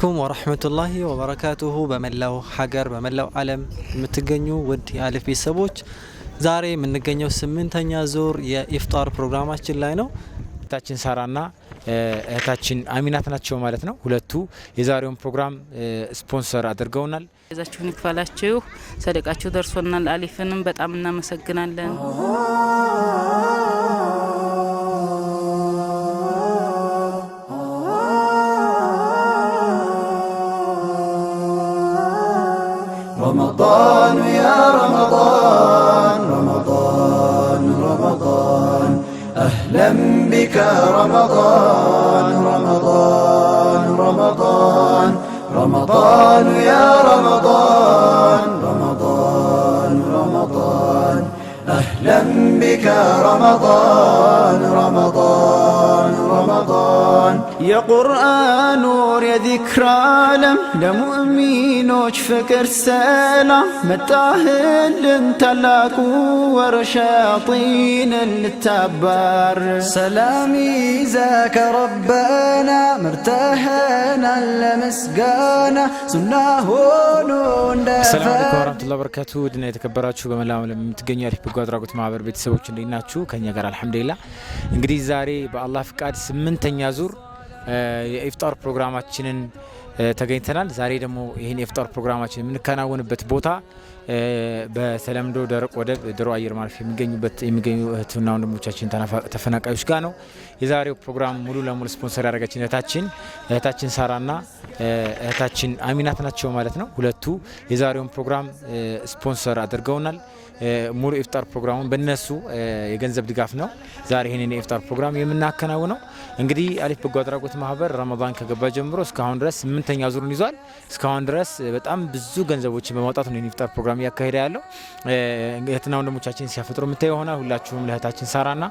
አለይኩም ወራህመቱላሂ ወበረካቱሁ። በመላው ሀገር በመላው ዓለም የምትገኙ ውድ የአሊፍ ቤተሰቦች ዛሬ የምንገኘው ስምንተኛ ዙር የኢፍጣር ፕሮግራማችን ላይ ነው። እህታችን ሳራና እህታችን አሚናት ናቸው ማለት ነው። ሁለቱ የዛሬውን ፕሮግራም ስፖንሰር አድርገውናል። ዛችሁን ይክፈላችሁ፣ ሰደቃችሁ ደርሶናል። አሊፍንም በጣም እናመሰግናለን። رمضان يا رمضان رمضان رمضان أهلا بك رمضان رمضان رمضان رمضان يا رمضان رمضان رمضان أهلا بك رمضان የቁርአን ወር የዚክር ዓለም ለሙእሚኖች ፍቅር ሰላም መጣህልን ታላቁ ወር ሸያጢንን ልታባር ሰላም ይዘከ ረበና መርተኸናል ለምስጋና ሱና ሆኖ እንደ ሰላም ድና የተከበራችሁ በመላው ዓለም የአሪፍ በጎ አድራጎት ማህበር ቤተሰቦች እንዴት ናችሁ? ከኛ ጋር አልሐምዱሊላህ። እንግዲህ ዛሬ በአላህ ፍቃድ ስምንተኛ ዙር የኢፍጣር ፕሮግራማችንን ተገኝተናል። ዛሬ ደግሞ ይህን የኢፍጣር ፕሮግራማችን የምንከናወንበት ቦታ በተለምዶ ደረቅ ወደብ ድሮ አየር ማረፊያ የሚገኙበት የሚገኙ እህትና ወንድሞቻችን ተፈናቃዮች ጋር ነው። የዛሬው ፕሮግራም ሙሉ ለሙሉ ስፖንሰር ያደረገችን እህታችን እህታችን ሳራና እህታችን አሚናት ናቸው ማለት ነው። ሁለቱ የዛሬውን ፕሮግራም ስፖንሰር አድርገውናል። ሙሉ ኢፍጣር ፕሮግራሙን በነሱ የገንዘብ ድጋፍ ነው ዛሬ ይህንን የኢፍጣር ፕሮግራም የምናከናውነው። እንግዲህ አሊፍ በጎ አድራጎት ማህበር ረመዳን ከገባ ጀምሮ እስካሁን ድረስ ስምንተኛ ዙሩን ይዟል። እስካሁን ድረስ በጣም ብዙ ገንዘቦችን በማውጣት ነው ኢፍጣር ፕሮግራም እያካሄደ ያለው። እህትና ወንድሞቻችን ሲያፈጥሩ የምታዩ ይሆናል። ሁላችሁም ለእህታችን ሳራና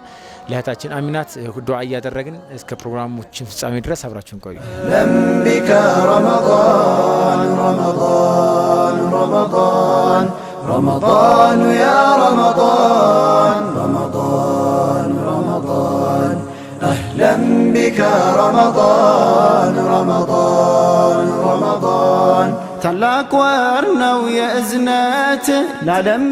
ለእህታችን አሚናት ዱዓ እያደረግን እስከ ፕሮግራሞችን ፍጻሜ ድረስ አብራችሁን ቆዩ። رمضان رمضان رمضان رمضان يا رمضان رمضان رمضان أهلا بك رمضان رمضان رمضان ويا ወር لا የእዝነት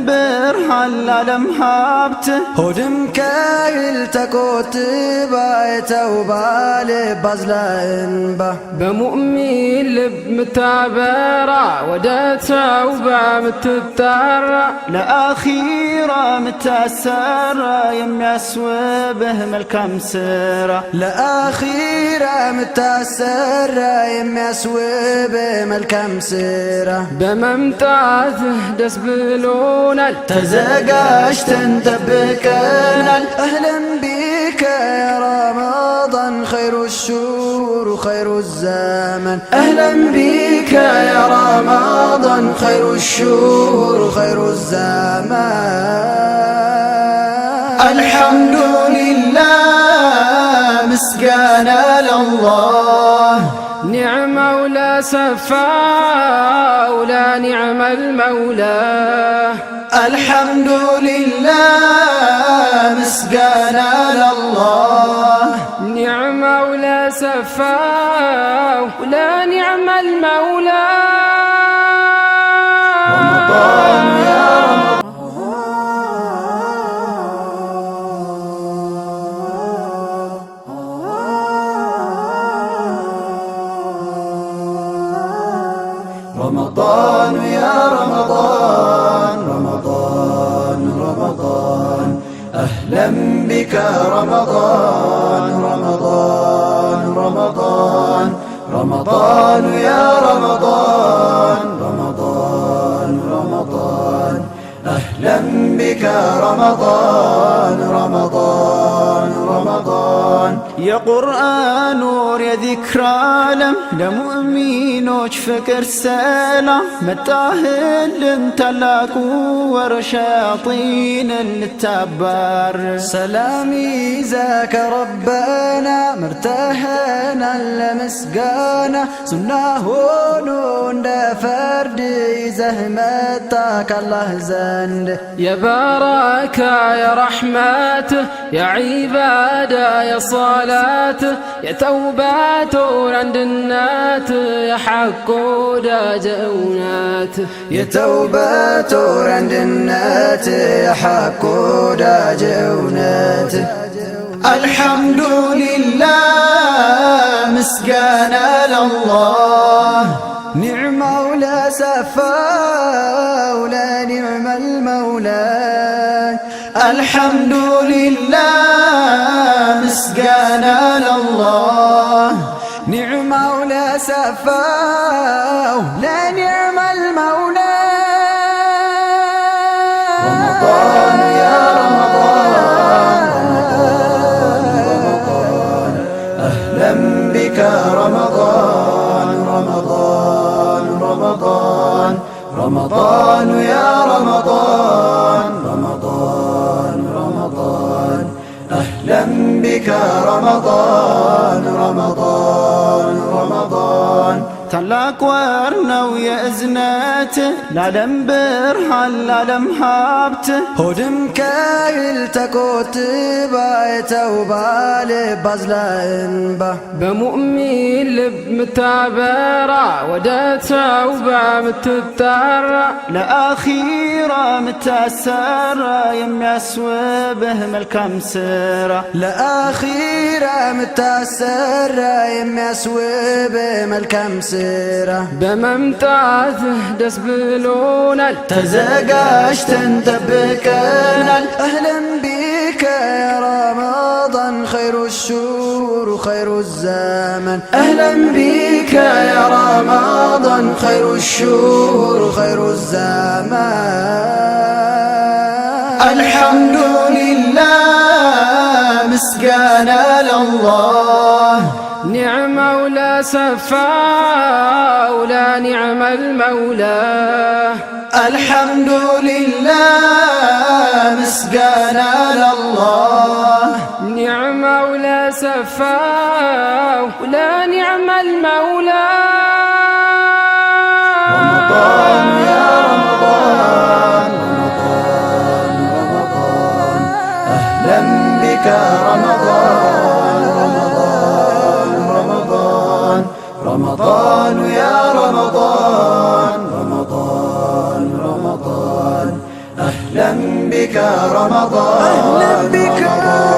برحل لا ለዓለም ሀብት هدم كايل ተቆጥ تبايته وبالي بازلا انبا بمؤمن لب متعبرا ودات عوبا متتارة لاخيرا متأسرة يم يسوبه ملكا مسرا لاخيرا متأسرة يم يسوبه ملكا مسرا بممتعته دس بلونا تزقاش تنتبكنا اهلا بيك بك يا رمضان خير الشهور خير الزمن أهلا بك يا رمضان خير الشهور خير الزمان الحمد لله مسكنا لله نعم مولى سفا ولا نعم المولى الحمد لله جفاه ولا نعم المولى رمضان يا رمضان رمضان يا رمضان رمضان رمضان أهلا بك رمضان رمضان رمضان يا رمضان رمضان رمضان أهلا بك رمضان رمضان رمضان يا قرآن نور يا ذكرى لم ለሙእሚኖች ፍቅር ሰላም መጣህልን ታላቁ ወረሻጢን ልታባር ሰላም ይዛከ ረበና መርተህናል ለምስጋና ሱና ሆኖ እንደ ፈርድ ይዘህ መጣ ካላህ ዘንድ የባረካ የረሕመት የዒባዳ የሰላት የተውባቱን አንድነት جنات يحق دا جنات يا توبة عند النات يحق دا الحمد لله مسقانا لله نعم ولا سفا ولا نعم المولى الحمد لله مسقانا لله نعم سفاه لا نعم المولى رمضان يا رمضان رمضان أهلا بك رمضان رمضان رمضان رمضان يا رمضان رمضان رمضان أهلا بك رمضان رمضان اكوار نو يا ازناته لا دم برحل لا دم حابته هدم كايل تكوت بايت او بالي بازلا انبا بمؤمن لب متعبرا ودا توبا متتارا لا اخيرا متاسرا يم يسوبه ملكم سرا لا اخيرا متاسرا يم يسوبه ملكم سرا ديره بممتاز دس بلون تزقاش تنتبكنا اهلا بك يا رمضان خير الشهور خير الزمان اهلا بك يا رمضان خير الشهور خير الزمان الحمد لله مسقانا لله نعم مولى سفا ولا نعم المولى الحمد لله مسقانا لله نعم مولى سفا ولا نعم المولى رمضان يا رمضان رمضان رمضان أهلا بك رمضان رمضان يا رمضان رمضان رمضان أهلا بك رمضان أهلا بك رمضان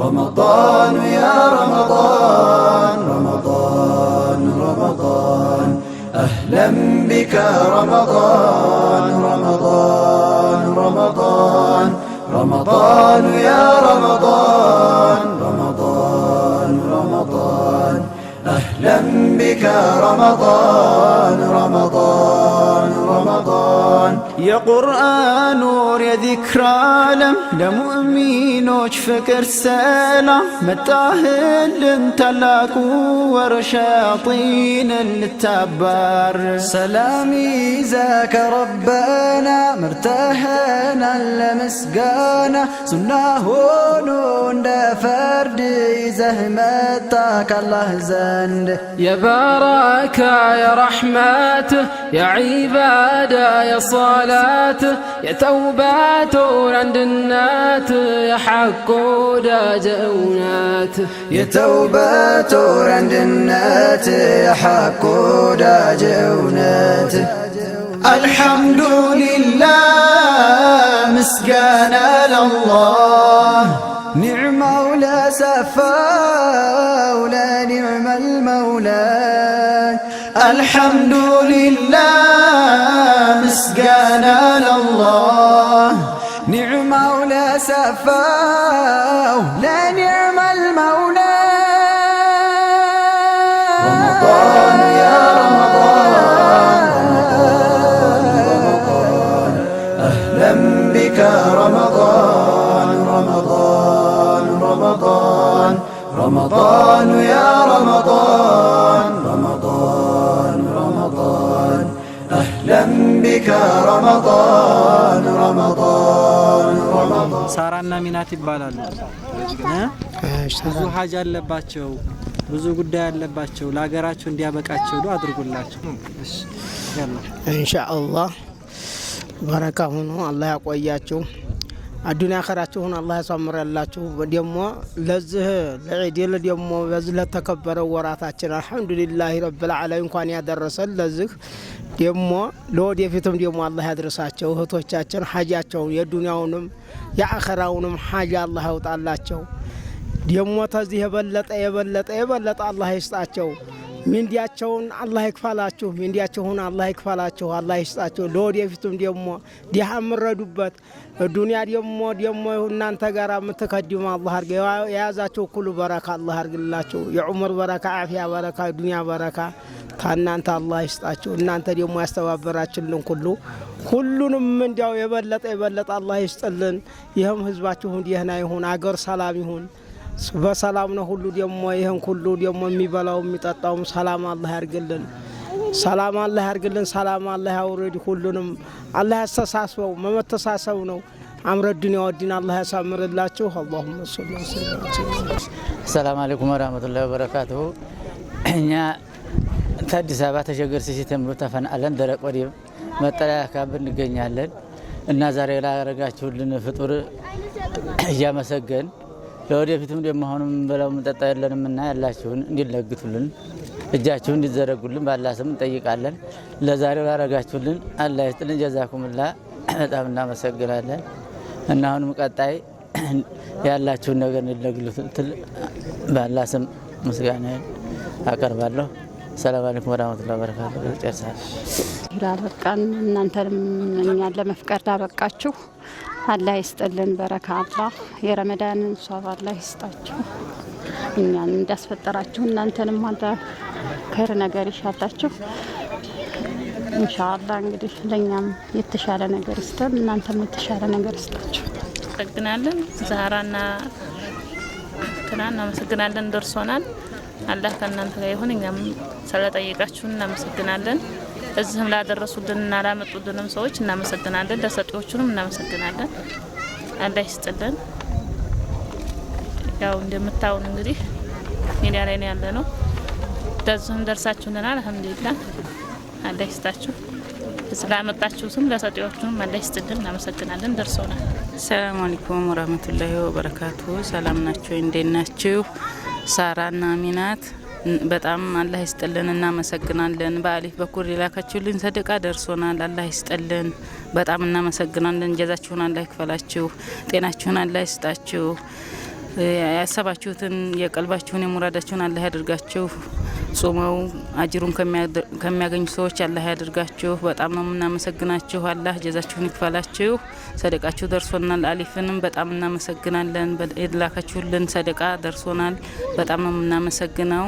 رمضان يا رمضان رمضان رمضان أهلا بك رمضان رمضان رمضان رمضان يا رمضان رمضان رمضان أهلا بك رمضان رمضان قرآن يا قرآن نور يا ذكر عالم لمؤمن وش فكر سلام متاهل انت لك شياطين التبار سلامي زاك ربنا مرتاحنا لمسقانا سنة هونو فرد متاك الله زند يا بركة يا رحمته يا عباد يا صلاة صلاة يا توبات النات يا حق داجونات يا توبات النات يا حق داجونات الحمد لله مسكان لله نعم ولا سفا ولا نعم المولى الحمد لله فاو لا نعم المولى رمضان يا رمضان أهلا بك رمضان رمضان رمضان رمضان يا رمضان رمضان رمضان أهلا بك رمضان رمضان ሳራና ሚናት ይባላሉ። ብዙ ሀጅ አለባቸው፣ ብዙ ጉዳይ አለባቸው። ለሀገራቸው እንዲያበቃቸው ዱ አድርጉላቸው እንሻአላህ። በረካ ሆኖ አላህ ያቆያቸው። አዱንያ አኸራችሁን አላህ ያሳምረላችሁ። ደግሞ ለዚህ ለዒድል ደሞ በዚህ ለተከበረው ወራታችን አልሐምዱሊላህ ረብልዓለሚን እንኳን ያደረሰን። ለዚህ ደግሞ ለወደፊትም ደሞ አላህ ያድርሳቸው እህቶቻችን ሀጃቸውን የዱንያውንም የአኸራውንም ሀጃ አላህ ያውጣላቸው። ደግሞ ተዚህ የበለጠ የበለጠ የበለጠ አላህ ይስጣቸው። ሚንዲያቸውን አላህ ይክፋላችሁ፣ ሚንዲያቸውን አላህ ይክፋላችሁ፣ አላህ ይስጣችሁ። ለወደፊቱም ደግሞ ዲሃ የምረዱበት ዱኒያ ደግሞ ደግሞ እናንተ ጋር የምትከድሙ አላህ አድርገ የያዛቸው ኩሉ በረካ አላህ አድርግላችሁ። የዑምር በረካ፣ አፍያ በረካ፣ ዱኒያ በረካ ታናንተ አላህ ይስጣችሁ። እናንተ ደግሞ ያስተባበራችልን ሁሉ ሁሉንም እንዲያው የበለጠ የበለጠ አላህ ይስጥልን። ይህም ህዝባችሁ እንዲህና ይሁን፣ አገር ሰላም ይሁን። በሰላም ነው ሁሉ ደግሞ ይህን ሁሉ ደግሞ የሚበላው የሚጠጣውም ሰላም አላህ ያርግልን። ሰላም አላህ ያርግልን። ሰላም አላህ ያውረድ። ሁሉንም አላህ ያስተሳስበው። መመተሳሰብ ነው። አምረድን ያወድን አላህ ያሳምርላችሁ። አላሁመ ሰላም አለይኩም ወራህመቱላሂ ወበረካቱሁ። እኛ ከአዲስ አበባ ተሸገር ሲሲ ተምሮ ተፈናቅለን ደረቅ ወዲብ መጠለያ ካምፕ እንገኛለን እና ዛሬ ላረጋችሁልን ፍጡር እያመሰገን ለወደፊትም ደግሞ አሁንም በላው ምንጠጣ የለንም እና ያላችሁን እንዲለግቱልን እጃችሁን እንዲዘረጉልን ባላስም እንጠይቃለን። ለዛሬው ላረጋችሁልን አላህ ይስጥልን። ጀዛኩምላ በጣም እናመሰግናለን እና አሁንም ቀጣይ ያላችሁን ነገር እንዲለግሉትል ባላስም ምስጋና አቀርባለሁ። ሰላም አለይኩም ወራህመቱላሂ ወበረካቱ። ጨርሳለሁ። ላበቃን እናንተንም እኛን ለመፍቀር ላበቃችሁ አላህ ይስጥልን በረካ አላህ የረመዳንን ሷብ አላህ ይስጣችሁ። እኛን እንዳስፈጠራችሁ እናንተንም አላህ ከር ነገር ይሻላችሁ። ኢንሻአላህ እንግዲህ ለእኛም የተሻለ ነገር ይስጠን፣ እናንተም የተሻለ ነገር ይስጣችሁ። አመሰግናለን። ዛራና ትና እናመሰግናለን። ደርሶናል። አላህ ከእናንተ ጋር ይሁን። እኛም ስለጠየቃችሁን እናመሰግናለን። እዚህም ላደረሱልንና ላመጡልንም ሰዎች እናመሰግናለን። ለሰጪዎቹንም እናመሰግናለን። አላህ ይስጥልን። ያው እንደምታዩን እንግዲህ ሚዲያ ላይ ነው ያለ ነው። ለዚህም ደርሳችሁልናል። አልሐምዱሊላህ አላህ ይስጣችሁ። ስላመጣችሁትም ለሰጪዎቹንም አላህ ይስጥልን። እናመሰግናለን። ደርሰውናል። ሰላም አለይኩም ወራህመቱላሂ ወበረካቱ። ሰላም ናችሁ? እንዴት ናችሁ? ሳራና ሚናት በጣም አላህ ይስጥልን፣ እናመሰግናለን። በአሊፍ በኩል የላካችሁልን ሰደቃ ደርሶናል። አላህ ይስጥልን፣ በጣም እናመሰግናለን። ጀዛችሁን አላህ ይክፈላችሁ፣ ጤናችሁን አላህ ይስጣችሁ፣ ያሰባችሁትን የቀልባችሁን የሙራዳችሁን አላህ ያድርጋችሁ። ጾመው አጅሩን ከሚያገኙ ሰዎች አላህ ያድርጋችሁ። በጣም ነው የምናመሰግናችሁ። አላህ ጀዛችሁን ይክፈላችሁ። ሰደቃችሁ ደርሶናል። አሊፍንም በጣም እናመሰግናለን። የላካችሁልን ሰደቃ ደርሶናል። በጣም ነው የምናመሰግነው።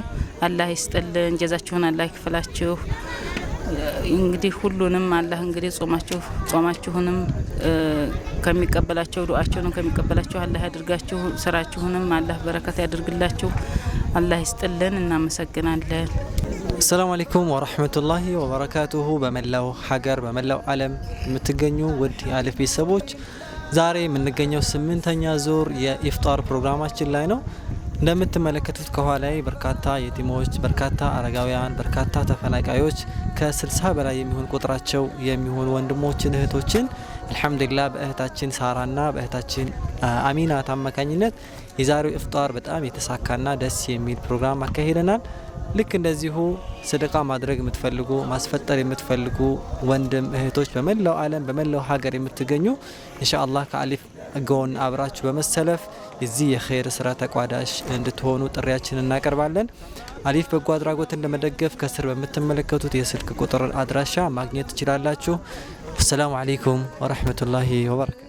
አላህ ይስጥልን። ጀዛችሁን አላህ ይክፈላችሁ። እንግዲህ ሁሉንም አላህ እንግዲህ ጾማችሁ ጾማችሁንም ከሚቀበላቸው ዱአችሁንም ከሚቀበላቸው አላህ ያድርጋችሁ። ስራችሁንም አላህ በረከት ያድርግላችሁ። አላህ ይስጥልን። እናመሰግናለን። አሰላሙ አለይኩም ወረህመቱላሂ ወበረካቱሁ። በመላው ሀገር በመላው ዓለም የምትገኙ ውድ ያለፊ ቤተሰቦች ዛሬ የምንገኘው ስምንተኛ ዙር የኢፍጣር ፕሮግራማችን ላይ ነው። እንደምትመለከቱት ከኋላ በርካታ የቲሞች፣ በርካታ አረጋውያን፣ በርካታ ተፈናቃዮች ከ60 በላይ የሚሆን ቁጥራቸው የሚሆኑ ወንድሞችን እህቶችን አልሐምዱሊላህ በእህታችን ሳራና በእህታችን አሚናት አማካኝነት የዛሬው ኢፍጧር በጣም የተሳካና ደስ የሚል ፕሮግራም አካሂደናል። ልክ እንደዚሁ ስደቃ ማድረግ የምትፈልጉ ማስፈጠር የምትፈልጉ ወንድም እህቶች በመላው ዓለም በመላው ሀገር የምትገኙ እንሻ አላህ ከአሊፍ ጎን አብራችሁ በመሰለፍ የዚህ የኸይር ስራ ተቋዳሽ እንድትሆኑ ጥሪያችን እናቀርባለን። አሊፍ በጎ አድራጎትን ለመደገፍ ከስር በምትመለከቱት የስልክ ቁጥር አድራሻ ማግኘት ትችላላችሁ። አሰላሙ አሌይኩም ወረህመቱላሂ ወበረካቱ።